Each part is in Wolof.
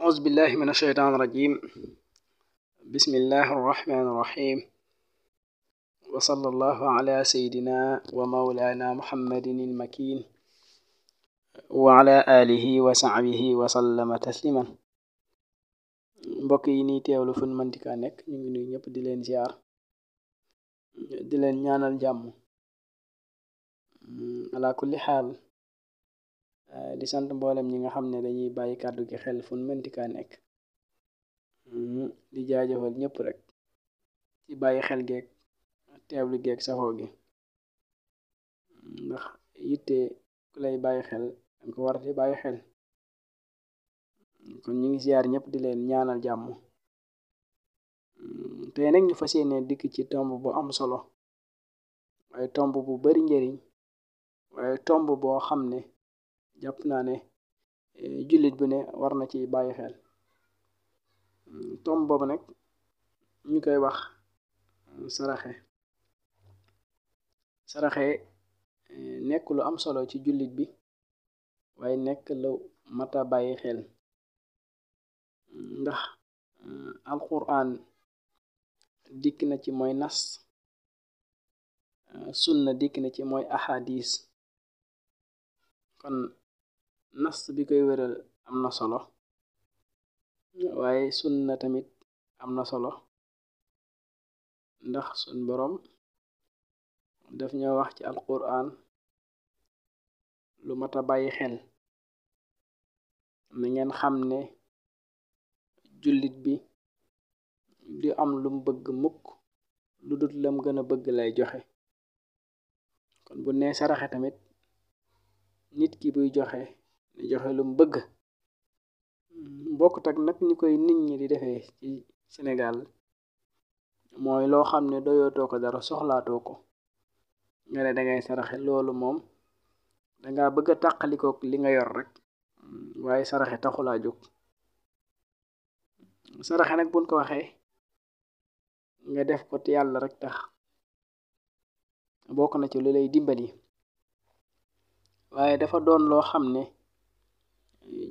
أعوذ بالله من الشيطان الرجيم بسم الله الرحمن الرحيم وصلى الله على سيدنا ومولانا محمد المكين وعلى آله وصحبه وسلم تسليما mbokk ني تيولو فن fun mantika nekk ñu ngi nuyu ñëpp di leen ziar di leen ñaanal jàmm ala Eh, di sant mboolem ñi nga xam ne dañuy bàyyi kàddu gi xel fun mëntika nekk mm-hmm. di jaajëfal ñépp rek ci bàyyi xel geek teewlu geek saxoo gi mm-hmm. ndax yitte ku lay bàyyi xel dañ ko war di bàyyi xel kon ñu ngi ziar ñëpp di leen ñaanal jàmm mm-hmm. tey nag ñu fas yéene dikk ci tomb bu am solo waaye tomb bu bari njariñ waaye tomb boo xam ne jàpp naa ne eh, jullit bu ne war na ci bàyyi xel tom boobu nag ñu koy wax eh, saraxe saraxe eh, nekk lu am solo ci jullit bi waaye nekk lu mata bàyyi xel ndax alquran dikk na ci mooy nas sunna dikk na ci mooy ahadis kon nas bi koy wéral am na solo waaye sun na tamit am na solo ndax sun boroom daf ñu wax ci alquran lu mata bàyyi xel na ngeen xam ne jullit bi di am lum bëgg mukk lu dut lam gën a bëgg lay joxe kon bu ne saraxe tamit nit ki buy joxe joxe lum bëgg bokk tag nag ñu koy nit ñi di defee ci Sénégal mooy loo xam ne doyootoo ko dara soxlaatoo ko nga ne dangay saraxe loolu moom dangaa bëgg a tàqalikook li nga yor rek waaye saraxe taxulaa jóg saraxe nag buñ ko waxee nga def ko te yàlla rek tax bokk na ci lu lay dimbali waaye dafa doon loo xam ne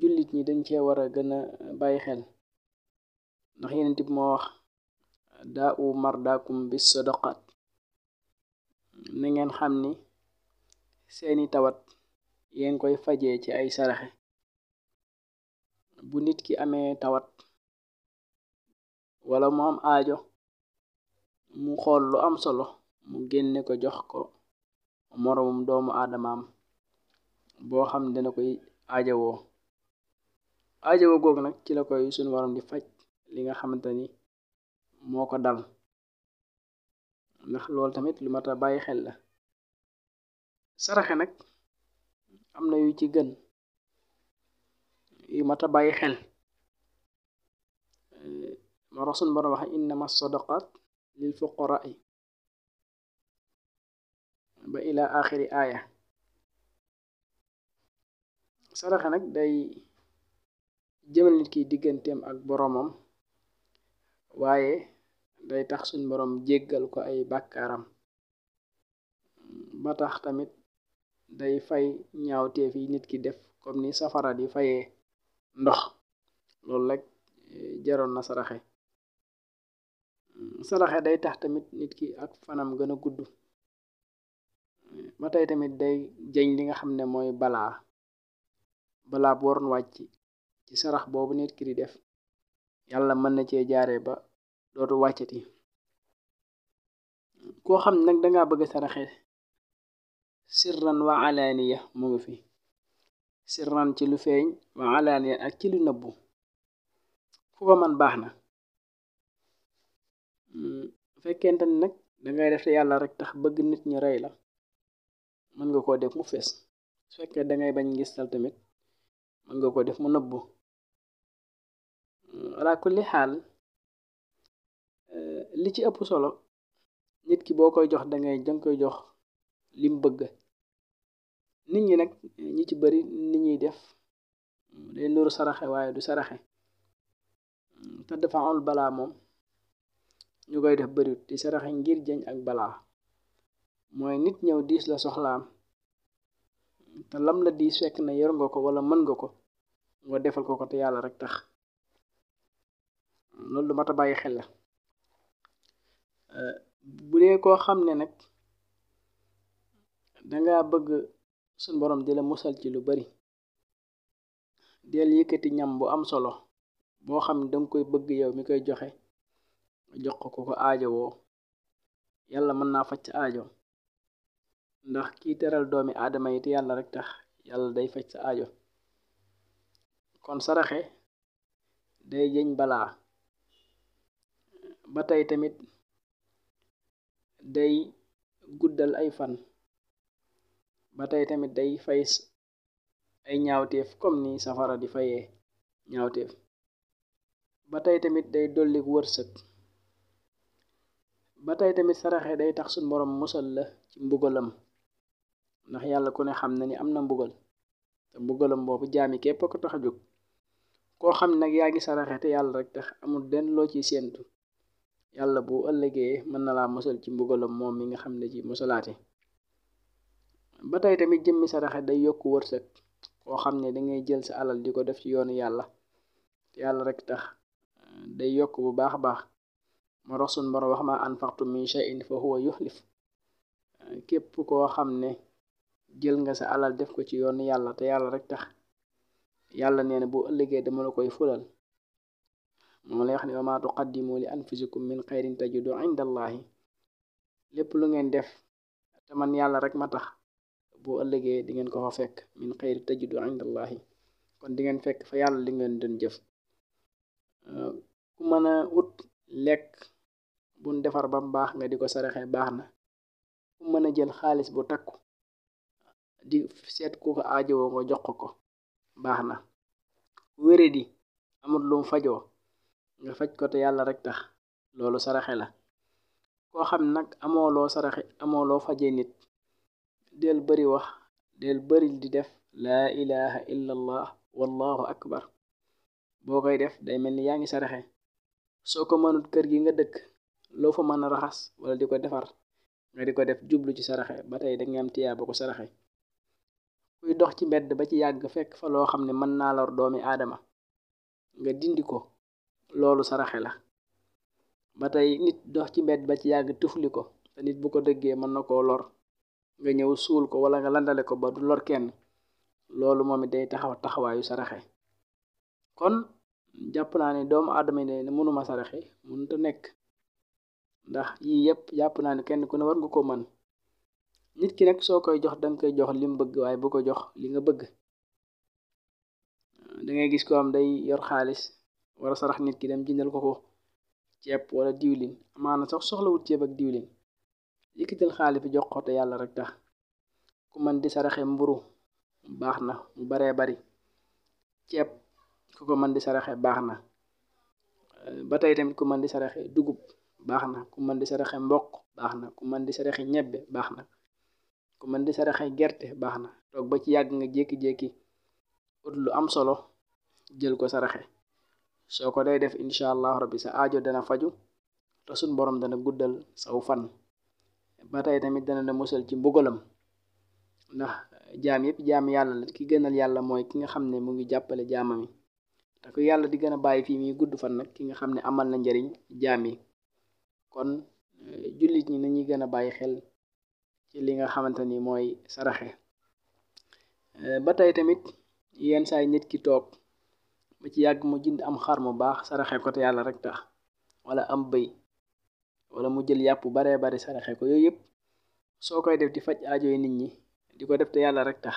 jullit ñi dañ cee war a gën a bàyyi xel ndax yenent bi moo wax daa u mardaakum bis sadaqat na ngeen xam ni seeni tawat yeen koy fajee ci ay saraxe bu nit ki amee tawat wala mu am aajo mu xool lu am solo mu génne ko jox ko moroomum doomu aadamaam boo xam dana koy aajowoo aajowo googu nag ci la koy suñu waroon di faj li nga xamante ni moo ko dal ndax loolu tamit lu mat a bàyyi xel la saraxe nag am na yu ci gën mat a bàyyi xel ma rasul bara wax lil fuqara'i ba ila axiri aaya saraxe nag day jëmal nit ki digganteem ak boromam waaye day tax suñ borom jéggal ko ay bàkkaaram ba tax tamit day fay ñaawteef yi nit ki def comme ni safara di fayee ndox loolu rek eh, jaroon na saraxe saraxe day tax tamit nit ki ak fanam gën a gudd ba tey tamit day jëñ li nga xam ne mooy balaa balaa bu waroon wàcc ci sarax boobu nit ki def yàlla mën na cee jaare ba dootu wàccati koo xam nag danga bëgg saraxe sirran wa alaaniya mu ngi fi sirran ci lu feeñ wa alaaniya ak ci lu nëbbu fu man baax na hmm, fekkente ni nag dangay def yàlla rek tax bëgg nit ñi rey la mën nga koo def mu fees su fekkee dangay bañ gis tal tamit mën nga ko def mu nëbbu alaakulli xaal eh, li ci ëpp solo nit ki boo koy jox dangay jëng koy jox lim bëgg nit ñi nag ñi ci bari nit ñuy def de nuru saraxe waaye du saraxe te dafa ol balaa moom ñu koy def bariwut di saraxe ngir jëñ ak balaa mooy nit ñëw diis la soxlaam te lam la diis fekk na yor nga ko wala mën nga ko nga defal ko ko te yàlla rek tax loolu lu mat bàyyi xel la euh, bu dee koo xam ne nag danga bëgg suñ borom di la musal ci lu bari del yëkkati ñam bu am solo boo xam ne danga koy bëgg yow mi koy joxe jox ko ko aajowoo yàlla mën naa faj sa aajo ndax kii teral doomi aadama yi te yàlla rek tax yàlla day faj sa aajo kon saraxe day jëñ balaa ba tey tamit day guddal ay fan ba tey tamit day fay ay ñaawteef kom ni safara di fayee ñaawteef ba tey tamit day dollik wërsëg ba tey tamit saraxee day tax suñ boroom musal la ci mbugalam ndax yàlla ko ne xam na ni am na mbugal te mbugalam boobu jaami képp ko tax a jóg koo xam nag yaa ngi saraxe te yàlla rek tax amul den loo ciy séentu yàlla bu ëllëgee mën na laa mosal ci mbugalam moom mi nga xam ne ci mosalaate ba tey tamit jëmmi saraxe day yokk wërsëg koo xam ne dangay jël sa alal di ko def ci yoonu yàlla te yàlla rek tax day yokk bu baax a baax ma rox wax ma anfaqtu min shay'in koo xam ne jël nga sa alal def ko ci yoonu yàlla te yàlla rek tax yàlla nee na bu ëllëgee dama la koy fulal mo lay wax ni ma tuqaddimu li anfusikum min khairin tajidu inda Allah lepp lu ngeen def te man yalla rek ma tax bo ëllëgé di ngeen ko fa fekk min xayri tajidu inda Allah kon di ngeen fekk fa yalla li ngeen doon jëf ku mëna a lek bu defar ba baax nga di saraxé saraxe ku mëna jël xaaliss bu takku di set ko ko aajowoo ko jox ko ko wéré di amul lu mu fajoo nga faj ko te yàlla rek tax loolu saraxe la koo xam nag amoo loo saraxe amoo loo faje nit del bari wax del bari di def laa ilaha illallah wallahu akbar boo koy def day mel ni yaa ngi saraxe soo ko mënut kër gi nga dëkk loo fa mën a raxas wala di ko defar nga di ko def jublu ci saraxe ba tey da nga am tiyaa ko saraxe kuy dox ci mbedd ba ci yàgg fekk fa loo xam ne mën naa lor doomi aadama nga dindi ko loolu saraxe la ba tey nit dox ci mbedd ba ci yàgg tufli ko te nit bu ko dëggee mën na koo lor nga ñëw suul ko wala nga landale ko ba du lor kenn loolu moom it day taxaw taxawaayu saraxe kon jàpp naa ne doomu aadama yi ne mënuma saraxe mënut a nekk ndax yii yépp jàpp naa ne kenn ku ne war ngu ko mën nit ki nag soo koy jox danga koy jox lim bëgg waaye bu ko jox li nga bëgg da gis ko am day yor xaalis wala sarax nit ki dem jëndal ko ko ceeb wala diwlin amaana sox soxlawul ceeb ak diwlin yëkkital xaalis bi jox ko yàlla rek tax ku man di saraxee mburu baax na mu baree bari ceeb ku ko man di saraxee baax na ba tey tamit ku man di saraxe dugub baax na ku man di saraxe mboq baax na ku man di saraxe ñebbe baax na ku man di saraxe gerte baax na toog ba ci yàgg nga jékki-jékki ut lu am solo jël ko saraxe soo ko day def incha allah rabbi sa ajo dana faju te suñ borom dana guddal saw fan ba tey tamit dana la musal ci mbugalam ndax jaam yëpp jaam yàlla la ki gënal yàlla mooy ki nga xam ne mu ngi jàppale jaamam yi te yàlla di gën a bàyyi fii muy gudd fan nag ki nga xam ne amal na njariñ jaam yi kon eh, jullit ñi nañuy gën a bàyyi xel ci li nga xamante ni mooy saraxe eh, ba tey tamit yenn saa nit ki toog ba ci yàgg mu jind am xar mu baax saraxe ko te yàlla rek tax wala am bëy wala mu jël yàpp bare bare saraxe ko yooyu yëpp soo koy def di faj aajoy nit ñi di ko def te yàlla rek tax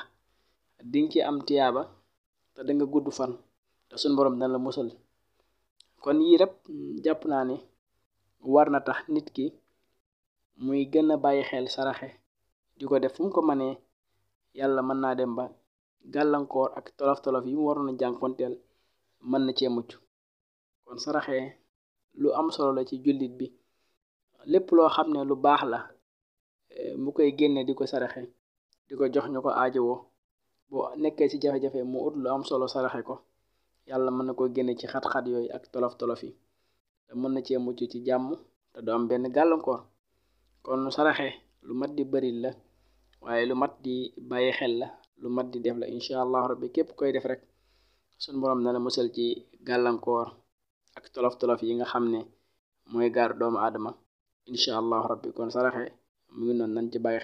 ci am tiyaaba te nga gudd fan te suñ borom dana la musal kon yii rek jàpp naa ne war na tax nit ki muy gën a bàyyi xel saraxe di ko def fu mu ko mënee yàlla mën naa dem ba gàllankoor ak tolof-tolof yi mu waroon a jànkuwanteel mën na cee mucc kon saraxe lu am solo la ci jullit bi lépp loo xam ne lu baax la eh, mu koy génne di ko saraxe di ko jox ñu ko aajowoo boo nekkee ci jafe-jafe mu ut lu am solo saraxe ko yàlla mën na koo génne ci xat-xat yooyu ak tolof-tolof yi te mën na cee mucc ci jàmm te du am benn gàllankoor kon saraxe lu mat di bari la waaye lu mat di bàyyi xel la lu mat di def la incha allah rabbi képp koy def rek suñ boroom na la musal ci gàllankoor ak tolof-tolof yi nga xam ne mooy gaar doomu aadama incha allahu rabbi kon saraxe mu ngi noonu nañ ci bàyyi xel